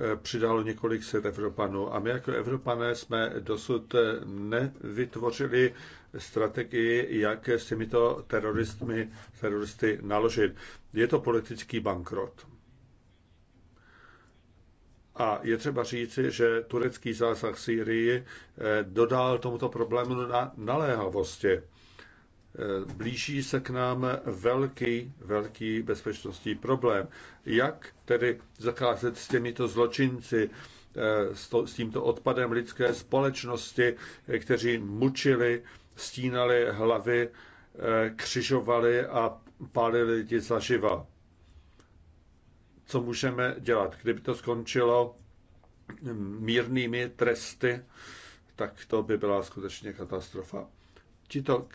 Eh, přidalo několik set Evropanů. A my jako Evropané jsme dosud eh, nevytvořili strategii, jak s těmito teroristmi, teroristy naložit. Je to politický bankrot. A je třeba říci, že turecký zásah Sýrii eh, dodal tomuto problému na naléhavosti. Eh, blíží se k nám velký, velký bezpečnostní problém. Jak tedy zacházet s těmito zločinci, eh, s, to, s tímto odpadem lidské společnosti, eh, kteří mučili, stínali hlavy, křižovali a pálili lidi zaživa. Co můžeme dělat? Kdyby to skončilo mírnými tresty, tak to by byla skutečně katastrofa. Tito,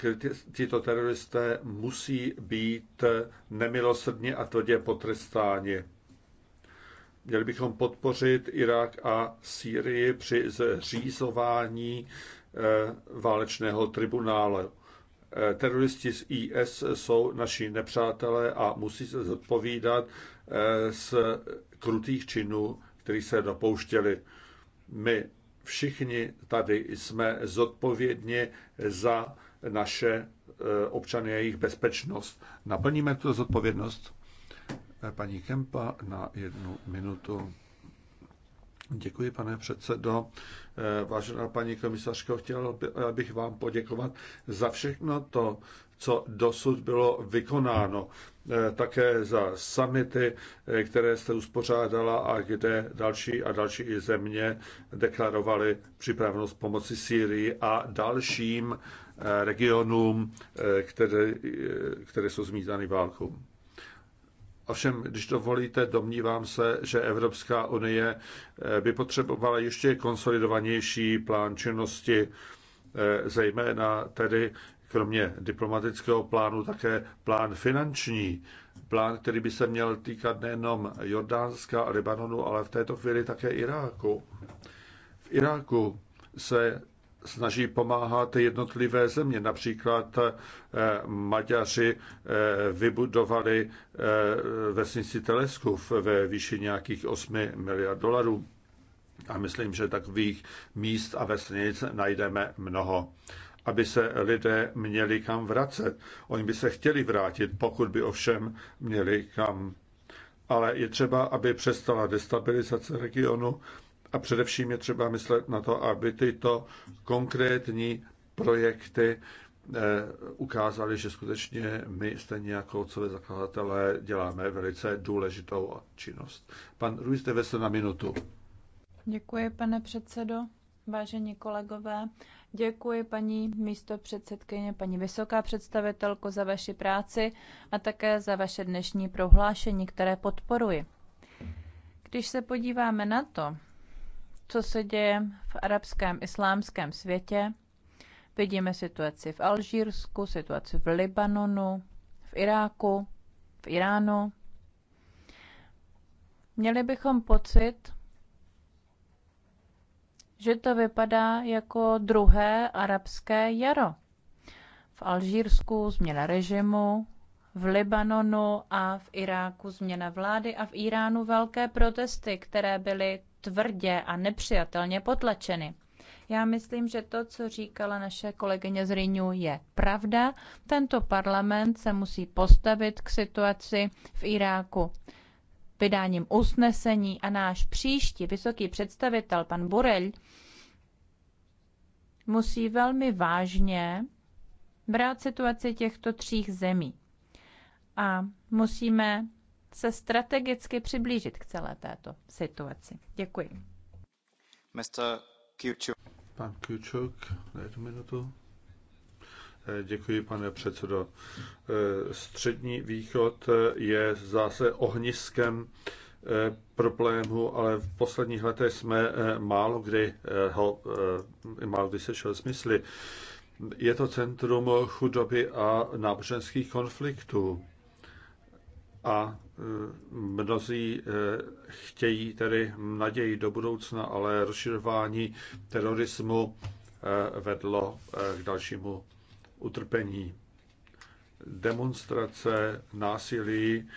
tito teroristé musí být nemilosrdně a tvrdě potrestáni. Měli bychom podpořit Irák a Sýrii při zřízování eh, válečného tribunálu. Eh, teroristi z IS jsou naši nepřátelé a musí se zodpovídat eh, z krutých činů, které se dopouštěli. My všichni tady jsme zodpovědně za naše e, občany a jejich bezpečnost. Naplníme tu zodpovědnost? E, paní Kempa na jednu minutu. Děkuji, pane předsedo. Eh, vážená paní komisařko, chtěl bych vám poděkovat za všechno to, co dosud bylo vykonáno. Eh, také za summity, eh, které jste uspořádala a kde další a další země deklarovaly připravenost pomoci Sýrii a dalším regionům, které, které jsou zmítány válkou. Ovšem, když dovolíte, domnívám se, že Evropská unie eh, by potřebovala ještě konsolidovanější plán činnosti, eh, zejména tedy kromě diplomatického plánu také plán finanční, plán, který by se měl týkat nejenom Jordánska a Libanonu, ale v této chvíli také Iráku. V Iráku se snaží pomáhat jednotlivé země. Například eh, Maďaři eh, vybudovali eh, vesnici Teleskov ve výši nějakých 8 miliard dolarů. A myslím, že takových míst a vesnic najdeme mnoho aby se lidé měli kam vracet. Oni by se chtěli vrátit, pokud by ovšem měli kam. Ale je třeba, aby přestala destabilizace regionu a především je třeba myslet na to, aby tyto konkrétní projekty eh, ukázali, že skutečně my, stejně jako otcové zakladatelé, děláme velice důležitou činnost. Pan Ruiz Deves na minutu. Děkuji, pane předsedo. Vážení kolegové, děkuji paní místo předsedkyně, paní vysoká představitelko za vaši práci a také za vaše dnešní prohlášení, které podporuji. Když se podíváme na to, co se děje v arabském islámském světě. Vidíme situaci v Alžírsku, situaci v Libanonu, v Iráku, v Iránu. Měli bychom pocit, že to vypadá jako druhé arabské jaro. V Alžírsku změna režimu, v Libanonu a v Iráku změna vlády a v Iránu velké protesty, které byly tvrdě a nepřijatelně potlačeny. Já myslím, že to, co říkala naše kolegyně z Rinu, je pravda. Tento parlament se musí postavit k situaci v Iráku vydáním usnesení a náš příští vysoký představitel, pan Burel musí velmi vážně brát situaci těchto tří zemí. A musíme se strategicky přiblížit k celé této situaci. Děkuji. Mr. Kirchhoff. Pan Kirchhoff, jednu minutu. Eh, děkuji, pane předsedo. Eh, střední východ eh, je zase ohniskem problému, ale v posledních letech jsme málo kdy ho málo kdy sešel mysli. Je to centrum chudoby a náboženských konfliktů a e, mnozí e, chtějí tedy naději do budoucna, ale rozširování terorismu e, vedlo k dalšímu utrpení. Demonstrace, násilí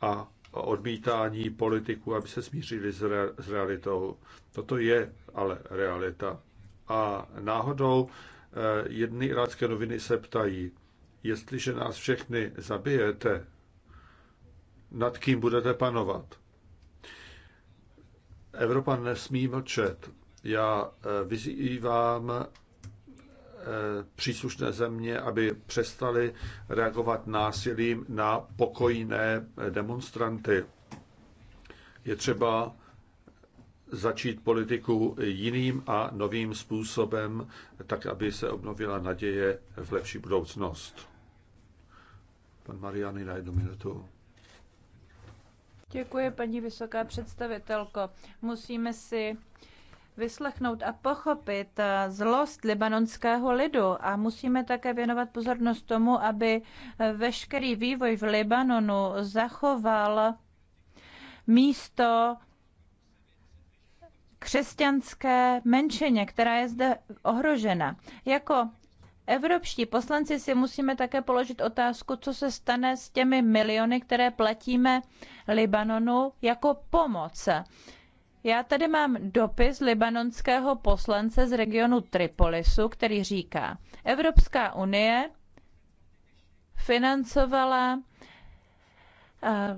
a odmítání politiků, aby se smířili s, realitou. Toto je ale realita. A náhodou jedny irácké noviny se ptají, jestliže nás všechny zabijete, nad kým budete panovat. Evropa nesmí mlčet. Já eh, vyzývám eh, příslušné země, aby přestali reagovat násilím na pokojné eh, demonstranty. Je třeba začít politiku jiným a novým způsobem, tak aby se obnovila naděje v lepší budoucnost. Pan Mariany na jednu minutu. Děkuji, paní vysoká představitelko. Musíme si vyslechnout a pochopit eh, zlost libanonského lidu a musíme také věnovat pozornost tomu, aby eh, veškerý vývoj v Libanonu zachoval místo křesťanské menšině, která je zde ohrožena. Jako Evropští poslanci si musíme také položit otázku, co se stane s těmi miliony, které platíme Libanonu jako pomoc. Já tady mám dopis libanonského poslance z regionu Tripolisu, který říká, Evropská unie financovala eh,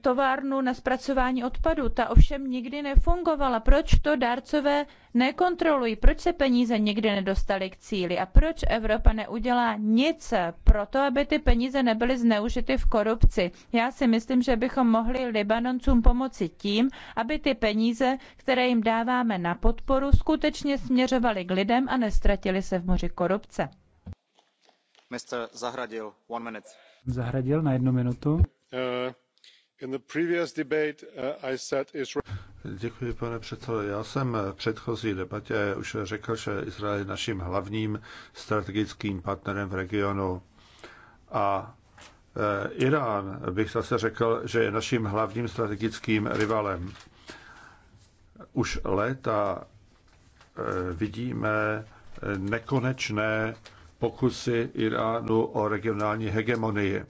továrnu na zpracování odpadu. Ta ovšem nikdy nefungovala. Proč to dárcové nekontrolují? Proč se peníze nikdy nedostaly k cíli? A proč Evropa neudělá nic pro to, aby ty peníze nebyly zneužity v korupci? Já si myslím, že bychom mohli Libanoncům pomoci tím, aby ty peníze, které jim dáváme na podporu, skutečně směřovaly k lidem a nestratili se v moři korupce. Mr. Zahradil, one minute. Zahradil na jednu minutu. Uh Uh, pane předsedající Já jsem v předchozí debatě už řekl, že Izrael je naším hlavním strategickým partnerem v regionu. A eh, Irán bych zase řekl, že je naším hlavním strategickým rivalem. Už léta eh, vidíme eh, nekonečné pokusy Iránu o regionální hegemonii.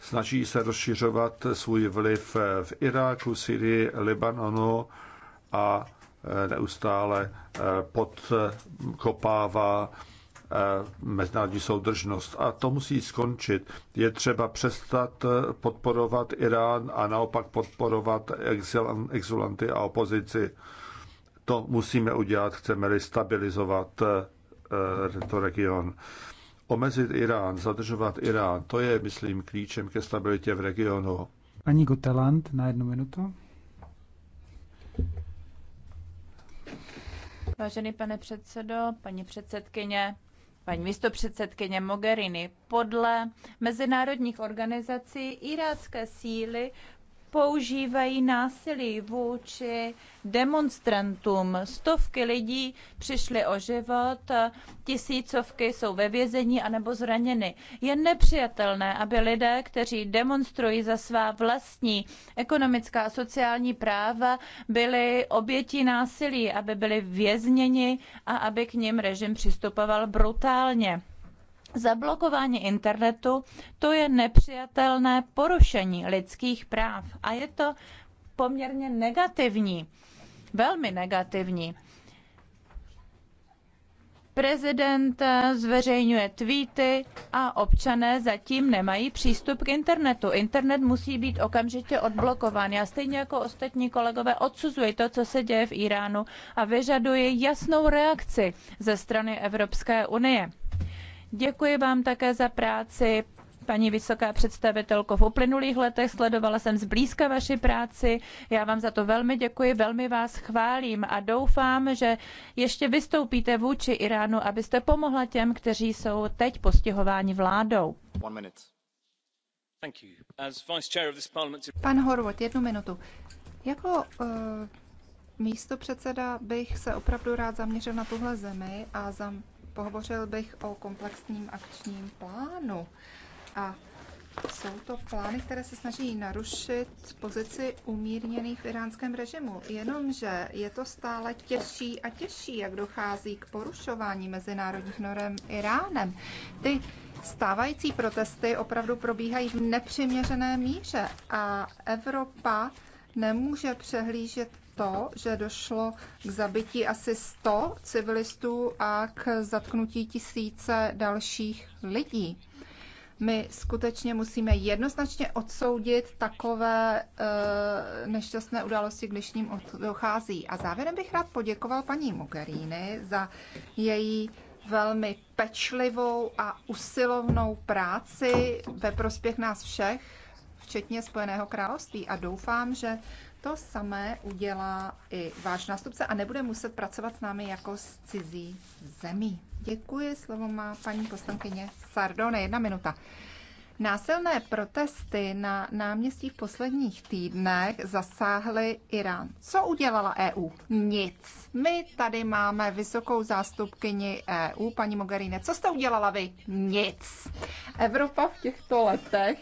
Snaží se rozšiřovat svůj vliv v Iráku, Syrii, Libanonu a eh, neustále eh, podkopává eh, mezinárodní soudržnost. A to musí skončit. Je třeba přestat podporovat Irán a naopak podporovat exulanty a opozici. To musíme udělat, chceme-li stabilizovat tento region omezit Irán, zadržovat Irán, to je, myslím, klíčem ke stabilitě v regionu. Paní Guteland, na jednu minutu. Vážený pane předsedo, paní předsedkyně, paní místopředsedkyně Mogherini, podle mezinárodních organizací irácké síly používají násilí vůči demonstrantům. Stovky lidí přišly o život, tisícovky jsou ve vězení anebo zraněny. Je nepřijatelné, aby lidé, kteří demonstrují za svá vlastní ekonomická a sociální práva, byli oběti násilí, aby byli vězněni a aby k ním režim přistupoval brutálně. Zablokování internetu to je nepřijatelné porušení lidských práv a je to poměrně negativní, velmi negativní. Prezident zveřejňuje tweety a občané zatím nemají přístup k internetu. Internet musí být okamžitě odblokován. Já stejně jako ostatní kolegové odsuzuji to, co se děje v Iránu a vyžaduji jasnou reakci ze strany Evropské unie. Děkuji vám také za práci, paní vysoká představitelko. V uplynulých letech sledovala jsem zblízka vaši práci. Já vám za to velmi děkuji, velmi vás chválím a doufám, že ještě vystoupíte vůči Iránu, abyste pomohla těm, kteří jsou teď postihováni vládou. Pan Horvat, jednu minutu. Jako uh... Místo předseda bych se opravdu rád zaměřil na tuhle zemi a za pohovořil bych o komplexním akčním plánu. A jsou to plány, které se snaží narušit pozici umírněných v iránském režimu. Jenomže je to stále těžší a těžší, jak dochází k porušování mezinárodních norem Iránem. Ty stávající protesty opravdu probíhají v nepřiměřené míře a Evropa nemůže přehlížet to, že došlo k zabití asi 100 civilistů a k zatknutí tisíce dalších lidí. My skutečně musíme jednoznačně odsoudit takové e, nešťastné události, když ním dochází. A závěrem bych rád poděkoval paní Mogherini za její velmi pečlivou a usilovnou práci ve prospěch nás všech, včetně Spojeného království. A doufám, že to samé udělá i váš nástupce a nebude muset pracovat s námi jako s cizí zemí. Děkuji, slovo má paní poslankyně Sardone, jedna minuta. Násilné protesty na náměstí v posledních týdnech zasáhly Irán. Co udělala EU? Nic. My tady máme vysokou zástupkyni EU, paní Mogherine. Co jste udělala vy? Nic. Evropa v těchto letech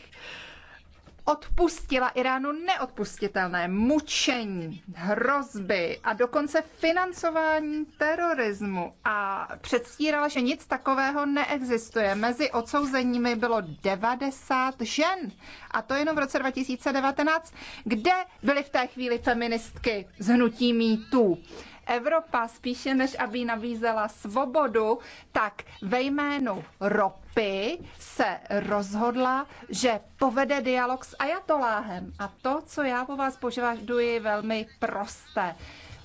odpustila Iránu neodpustitelné mučení, hrozby a dokonce financování terorismu a předstírala, že nic takového neexistuje. Mezi odsouzeními bylo 90 žen a to jenom v roce 2019, kde byly v té chvíli feministky z hnutí mítů. Evropa spíše než aby nabízela svobodu, tak ve jménu ropy se rozhodla, že povede dialog s ajatoláhem. A to, co já po vás požaduji, velmi prosté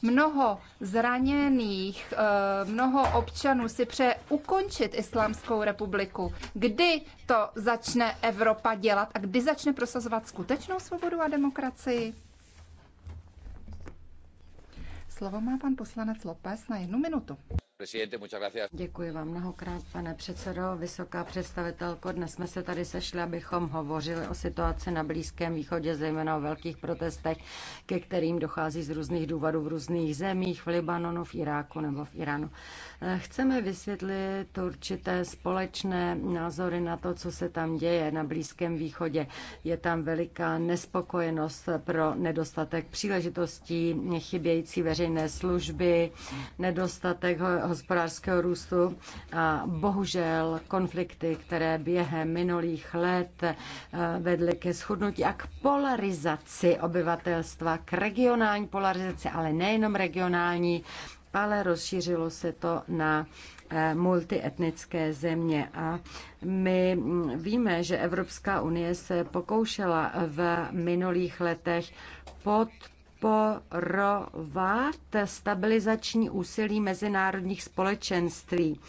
mnoho zraněných, eh, mnoho občanů si přeje ukončit Islámskou republiku. Kdy to začne Evropa dělat a kdy začne prosazovat skutečnou svobodu a demokracii? Slovo má pan poslanec Lopez na jednu minutu. Děkuji vám mnohokrát, pane předsedo, vysoká představitelko. Dnes jsme se tady sešli, abychom hovořili o situaci na Blízkém východě, zejména o velkých protestech, ke kterým dochází z různých důvodů v různých zemích, v Libanonu, v Iráku nebo v Iránu. Eh, chceme vysvětlit určité společné názory na to, co se tam děje na Blízkém východě. Je tam veliká nespokojenost pro nedostatek příležitostí, chybějící veřejné služby, nedostatek hospodářského růstu. A bohužel konflikty, které během minulých let eh, vedly ke schudnutí a k polarizaci obyvatelstva, k regionální polarizaci, ale nejenom regionální, ale rozšířilo se to na eh, multietnické země. A my mm, víme, že Evropská unie se pokoušela v minulých letech pod podporovat stabilizační úsilí mezinárodních společenství.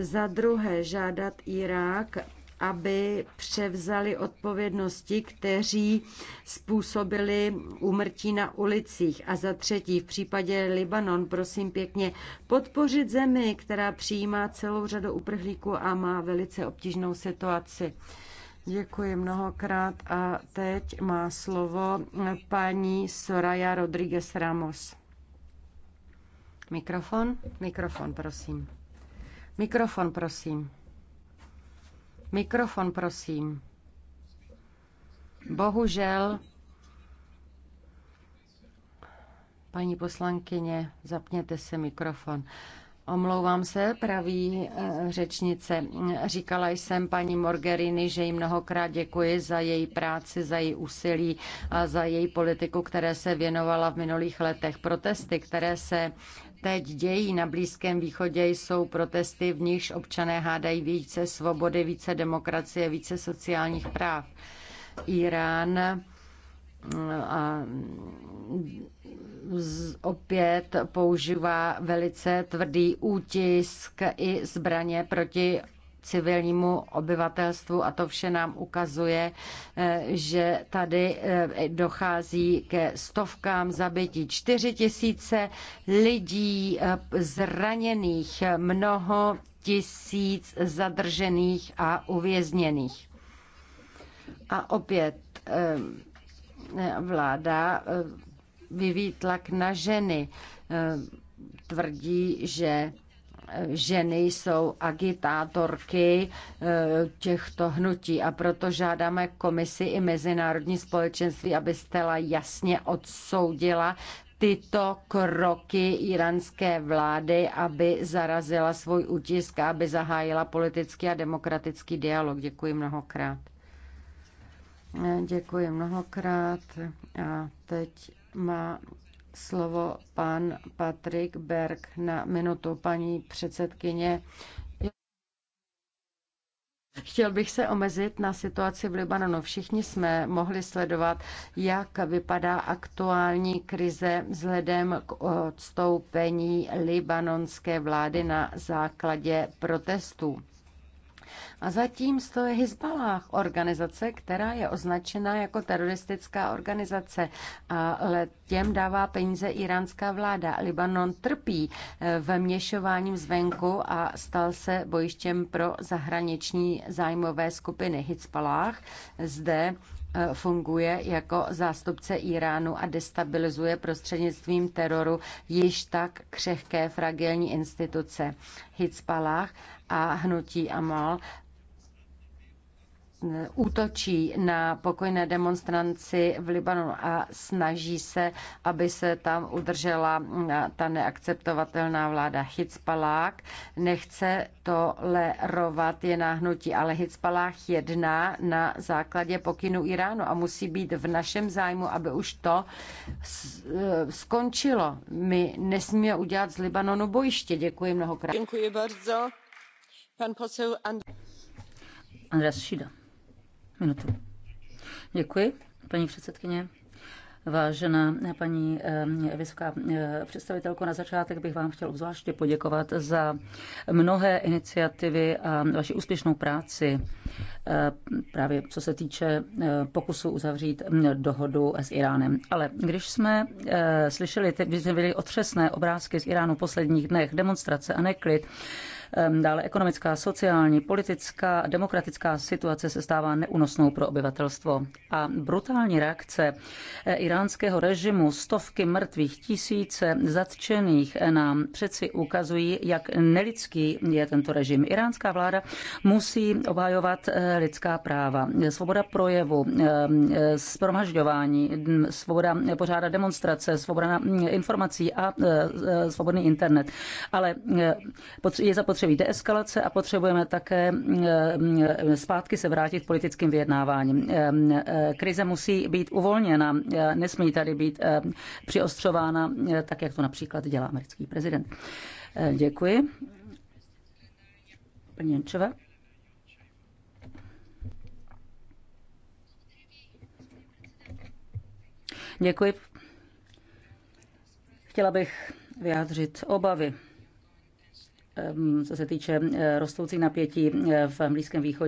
Za druhé žádat Irák, aby převzali odpovědnosti, kteří způsobili úmrtí na ulicích. A za třetí, v případě Libanon, prosím pěkně, podpořit zemi, která přijímá celou řadu uprchlíků a má velice obtížnou situaci. Děkuji mnohokrát a teď má slovo paní Soraya Rodriguez Ramos. Mikrofon? Mikrofon, prosím. Mikrofon, prosím. Mikrofon, prosím. Bohužel, paní poslankyně, zapněte se mikrofon. Omlouvám se, praví eh, řečnice. Říkala jsem paní Morgerini, že jí mnohokrát děkuji za její práci, za její úsilí a za její politiku, které se věnovala v minulých letech. Protesty, které se teď dějí na Blízkém východě, jsou protesty, v nichž občané hádají více svobody, více demokracie, více sociálních práv. Irán a opět používá velice tvrdý útisk i zbraně proti civilnímu obyvatelstvu a to vše nám ukazuje, eh, že tady eh, dochází ke stovkám zabití. Čtyři tisíce lidí eh, zraněných, mnoho tisíc zadržených a uvězněných. A opět vláda eh, vyvíjí tlak na ženy. Eh, tvrdí, že eh, ženy jsou agitátorky těchto hnutí a proto žádáme komisi i mezinárodní společenství, aby stela jasně odsoudila tyto kroky iránské vlády, aby zarazila svůj útisk a aby zahájila politický a demokratický dialog. Děkuji mnohokrát. Děkuji mnohokrát a teď má slovo pan Patrik Berg na minutu paní předsedkyně. Chtěl bych se omezit na situaci v Libanonu. Všichni jsme mohli sledovat, jak vypadá aktuální krize vzhledem k odstoupení libanonské vlády na základě protestů. A zatím stojí Hezbalah, organizace, která je označena jako teroristická organizace. Ale těm dává peníze iránská vláda. Libanon trpí eh, měšováním zvenku a stal se bojištěm pro zahraniční zájmové skupiny Hezbalah. Zde eh, funguje jako zástupce Iránu a destabilizuje prostřednictvím teroru již tak křehké fragilní instituce. Hizbalah a hnutí Amal útočí na pokojné demonstranci v Libanonu a snaží se, aby se tam udržela ta neakceptovatelná vláda Hitzpalák. Nechce tolerovat je náhnutí, ale Hitzpalák jedná na základě pokynu Iránu a musí být v našem zájmu, aby už to e, skončilo. My nesmíme udělat z Libanonu bojiště. Děkuji mnohokrát. Děkuji bardzo. Andreas Minutu. Děkuji, paní předsedající Vážená paní eh, vysoká eh, představitelko, na začátek bych vám chtěl obzvláště poděkovat za mnohé iniciativy a vaši úspěšnou práci, eh, právě co se týče pokusu uzavřít hm, dohodu s Iránem. Ale když jsme slyšeli, když jsme byli otřesné obrázky z Iránu v posledních dnech, demonstrace a neklid, Ehm, dále ekonomická, sociální, politická, demokratická situace se stává neunosnou pro obyvatelstvo. A brutální reakce eh, iránského režimu, stovky mrtvých, tisíce zatčených eh, nám přeci ukazují, jak nelidský je tento režim. Iránská vláda musí obhajovat eh, lidská práva, svoboda projevu, ehm, shromažďování, mm, svoboda pořádat demonstrace, svoboda mm, informací a svobodný internet. Ale je zapotřebí zapotřebí deeskalace a potřebujeme také mm, mm, zpátky se vrátit politickým vyjednáváním. Ehm, eh, krize musí být uvolněna, eh, nesmí tady být eh, přiostřována, tak jak to například dělá americký prezident. Děkuji. Paní Jenčeva. Děkuji. Chtěla bych vyjádřit obavy Ehm, co se týče eh, rostoucí napětí eh, v Blízkém východě.